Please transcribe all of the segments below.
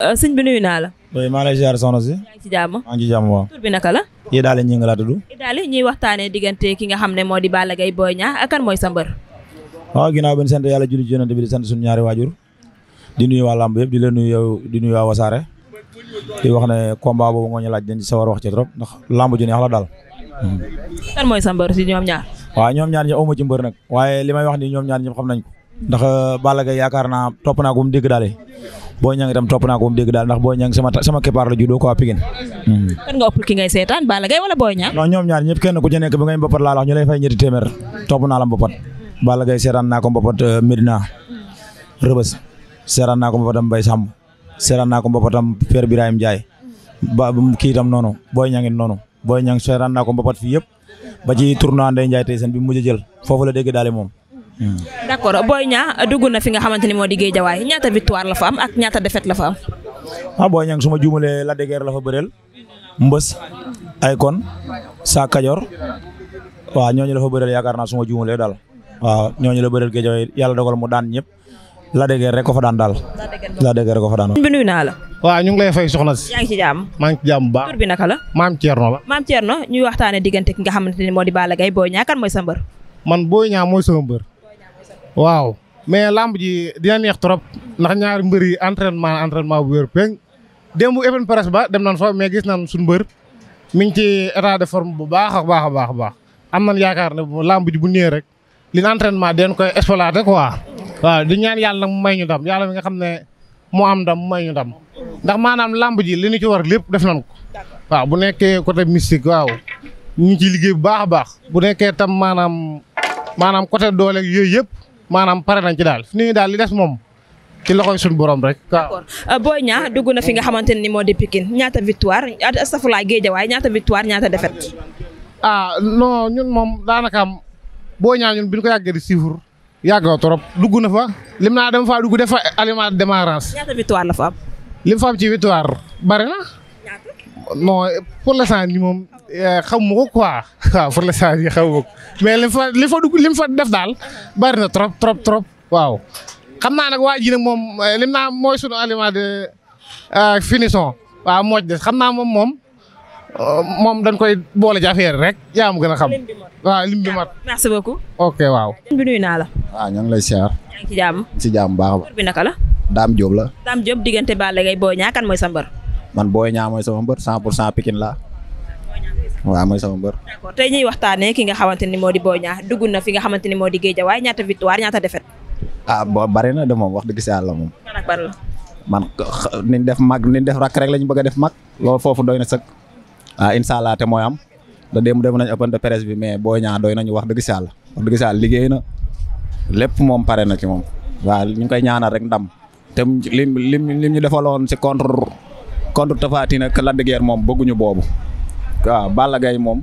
Euh, sëñ bi nuyu naa la. oui maa ngi lay ziar soxna si. yaa ci jàmm naka la. yéen daal ñi nga laa tudd. yéen daal ñuy diggante ki nga xam ne moo di Balla Gaye Boy mooy sa mbër. waaw ginnaaw sant yàlla julli ci yonent bi di ñaari waajur di nuyu waa làmb di la nuyu yow di nuyu waa wax ne combat boobu nga ñu laaj dañ wax ci ndax làmb ju neex daal. Hmm. kan mooy sa si ñoom ñaar. waaw ñoom ñaar ñi awma ci mbër nag waaye li may wax ni ñoom ñaar ñëpp xam nañ ko ndax euh, Balla Gaye yaakaar naa topp naa ko mu dégg daal Boy Niang itam topp naa ko moom dégg daal ndax Boy Niang sama sama keppaar la juddoo quoi Pikine. Hmm. kan nga ëpp ki ngay seetaan Balla Gaye wala Boy Niang. non ñoom ñaar ñëpp kenn ku ci nekk bi ngay mbapat laa la naa la mbapat Balla seetaan naa ko mbapat euh, Medina Rëbës seetaan naa ko mbapatam Mbaye Samb seetaan naa ko mbapatam Père Birahim Ndiaye ba kii itam noonu Boy Niang it noonu Boy Niang seetaan na ko mbapat fii yëpp ba ci tournoi Ndeye Ndiaye tey seen bi mu mujj jël foofu la dégg daal moom Mm. d' accord ñaa Niang dugg na fi nga xamante ni moo di Guédiawaye ñaata victoire la fa am ak ñaata défaite la fa am. ah Boy Niang su ma juumalee Lac de la fa bëreel Mbës Aykon Sa Kajoor waaw ñooñu la fa bëreel yaakaar naa su ma juumalee daal waaw ñooñu la bëreel Guédiawaye yàlla dogal mu daan ñëpp. la dëgër rek ko fa daan daal. la dëgër rek ko fa daan daal. bi naa la. waaw ñu ngi lay fay soxna si. yaa ngi ci jàmm. maa ngi ci bu baax. tur bi naka la. maam Thierno la. maam ñuy waxtaanee diggante ki nga xamante ne moo di Balla Gaye Boy Niang kan mooy sa mbër. man Boy Niang mooy waaw mais lamb ji dina neex trop ndax ñaari mbër yi entraînement entraînement bu wér péng démb open press ba dem nan fa mais gis nan suñu mbër mi ci état de forme bu baax a baax a baax a baax am nan yaakaar ne lamb ji bu ñëwee rek li entraînement den koy exploité quoi waaw di ñaan yàlla nag mu may ñu ndam yàlla mi nga xam ne moo am ndam mu may ñu ndam ndax maanaam lamb ji li ñu ci war lépp def nan ko waaw bu nekkee côté mystique waaw ñu ngi ciy liggéey bu baax a baax bu nekkee tam maanaam maanaam côté doole yooyu yëpp maanaam pare nañ ci daal nii daal li des moom ci loxoy suñu borom rek. d'accord euh, Boy Niang dugg na fi nga xamante ne ni moo di Pikine ñaata victoire astafurlaay Guédiawaye ñaata victoire ñaata défaite. ah non ñun moom daanaka am Boy Niang ñun bi ñu ko yàggee di siifur yàggoo trop dugg na fa lim naa dem faa dugg def fa aliment démarrage. ñaata victoire la fa am. lim fa ci victoire bari na. non pour l'instant ni moom eh, xamu ma ko quoi. waaw pour l'instant yi xaw mais li fa li fa dugg li fa def daal bari na trop trop trop waaw. xam naa nag waa ji nag moom eh, lim naa mooy sunu aliment de eh, finition waaw moo ci des xam naa moom moom eh, moom dañ koy boole ci rek yaa ma gën a xam. waaw lim bi mat merci beaucoup. ok waaw. naa la. waaw ñoo ngi lay siyaar. yaa ngi ci jàmm. baax a baax. bi la. Dame Diop la. Dame Diop diggante Balla Gaye Boy Niang kan mooy sa mbër. man Boy Niang mooy sama mbër 100 pour 100 Pikine la waaw mooy sama mbër. d'accord tey ñuy waxtaanee ki nga xamante ni moo di Boy Niang dugg na fi nga xamante ni moo di Guédiawaye ñaata victoire ñaata défaite. ah bo bari de moom wax dëgg si yàlla moom. man ak ban mag niñ def rakk rek la ñu bëgg def mag loolu foofu doy na sëkk ah incha allah te mooy am da démb dem nañ open de presse bi mais Boy Niang doy nañu wax dëgg si yàlla wax dëgg si liggéey na lépp moom pare na ci moom waa ñu ngi koy ñaanal rek ndam te lim lim lim ñu defaloon si contre contre Tapha Tine ak Lac de Guiers moom bëgguñu boobu waaw Balla Gaye moom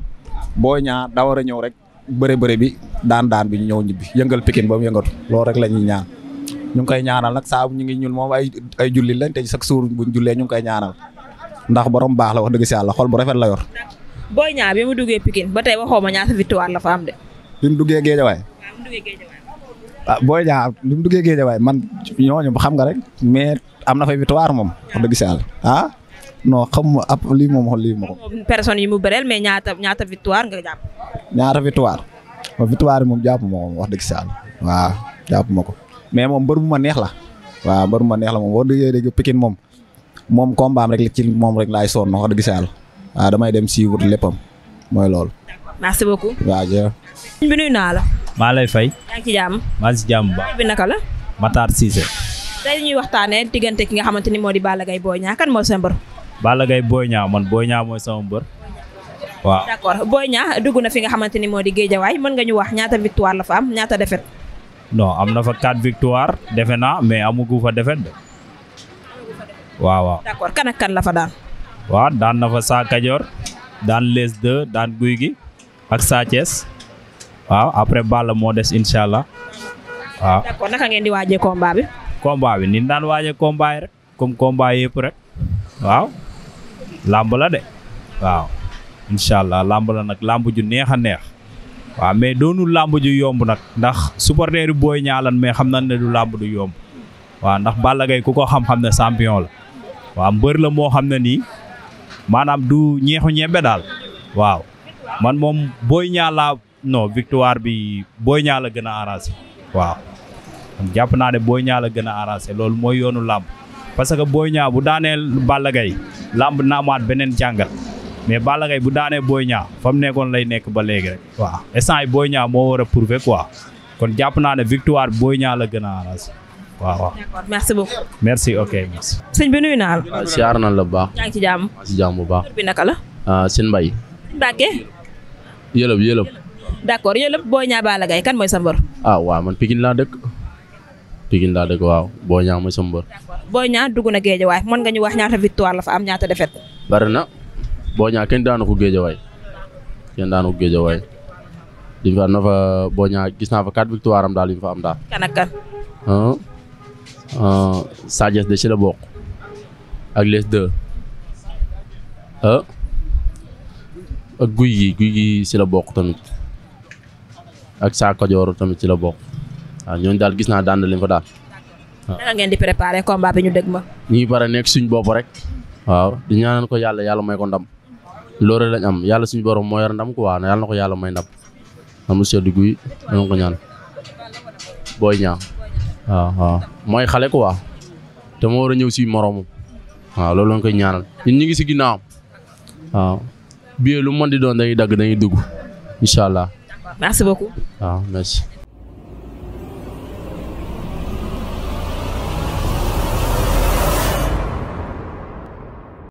Boy Niang daa war a ñëw rek bëre bëre bi daan daan bi ñu ñëw ñibbi yëngal Pikine ba mu yëngatu loolu rek la ñuy ñaan ñu ngi koy ñaanal nag saa ñu ngi ñun moom ay ay jullit lañ te chaque buñ jullee ñu ngi koy ñaanal ndax borom baax la wax dëgg si yàlla xol bu rafet la yor. Boy ñaar bi mu duggee Pikine ba tey waxoo ma ñaata victoire la fa am de. bi mu duggee Géejawaay. Ah, waaw ah, bi mu duggee bi mu duggee Géejawaay man ñooñu xam nga rek mais am na fa victoire moom wax dëgg si yàlla ah? non xam ab lii moom xool lii moom. personne yi mu bëreel mais ñaata ñaata victoire nga jàpp. ñaata victoire waaw victoire moom jàpp ma wax dëgg si àll waaw jàpp ma ko mais moom mbër bu ma neex la waaw mbër ma neex la moom boo déggee moom moom kombaam rek moom rek laay sonn wax dëgg si àll waaw damay dem si wut léppam mooy loolu. merci beaucoup. waaw jërëjëf. naa la. maa lay fay. yaa ngi ci jàmm. maa ngi ci jàmm ba. bi la. Matar Cissé. tey ñuy waxtaanee diggante ki nga xamante ni moo di Balla Gaye Boy Niang kan moo seen Balla Gaye Boy Niang man Boy Niang mooy sama mbër waaw. d'accord Boy dugg na fi nga xamante ni moo di Géejawaay mën nga ñu wax ñaata victoire la fa am ñaata défaite. non am na fa 4 victoire defe naa mais amugu fa défaite. waaw waaw. d'accord kan ak kan la fa daan. waaw daan na fa Saa Kajoor daan les deux daan guy gi ak Saa Thiès waaw après Balla moo des incha allah waaw. d'accord naka ngeen di waajee combat bi. combat bi ni daan waajee combat yi rek comme combat yëpp rek làmb la de waaw incha allah làmb la nag làmb ju neex a neex waaw mais doonu làmb ju yomb nag ndax supporter yi booy ñaalan mais xam na ne du làmb du yomb waaw ndax Balla Gaye ku ko xam-xam ne champion la waaw mbër la moo xam ne nii maanaam du ñeexu ñebe daal waaw man moom booy ñaala non victoire bi booy la gën a arrangé waaw jàpp naa ne booy la gën a arrangé loolu mooy yoonu làmb parce que booy ñaa bu daaneel Balla làmb naa maat beneen jàngat mais Balla Gaye bu daanee booy ñaa fa mu nekkoon lay nekk ba léegi rek waaw instant yi Boy moo war a prouver kon jàpp naa ne victoire Boy Niang la gën a arrangé waaw waaw. d'accord merci beaucoup. merci ok merci. sëñ bi naa la. waaw ah, siyaar na la bu baax. yaa ci jàmm. yaa ngi ci bu baax. tur la. Ah, sëñ Mbaye. Mbacke. yëlëb yëlëb. d'accord yëlëb Boy Niang Balla Gaye kan mooy sa mbor. Ah, man Pikine laa dëkk. Pikine laa dëkk waaw Boy Niang mooy sama mbër. Boy Niang dugg na Guédiawaye mën nga ñu wax ñaata victoire la fa am ñaata défaite. bari na Boy Niang kenn daanu ko Guédiawaye kenn daanu ko Guédiawaye di fa na fa Boy gis naa fa quatre victoire am daal di fa am daal. kan ak de ci la bokk ak les deux ak guy gi guy gi ci la bokk tamit ak saa Kajoor tamit ci la bokk. waaw ñooñu daal gis naa daan na leen fa daal. waaw naka ngeen ma. ñu pare nekk suñ bopp rek. waaw di ñaanal ko yàlla yàlla may ko ndam. loolu am yàlla suñu borom moo yor ndam quoi yàlla na ko yàlla may ndam. am monsieur mooy xale quoi. ñëw si moromam. waaw loolu koy ñaanal ñun ñu ngi si ginnaawam. waaw bii lu mën di doon dañuy dagg dugg incha allah.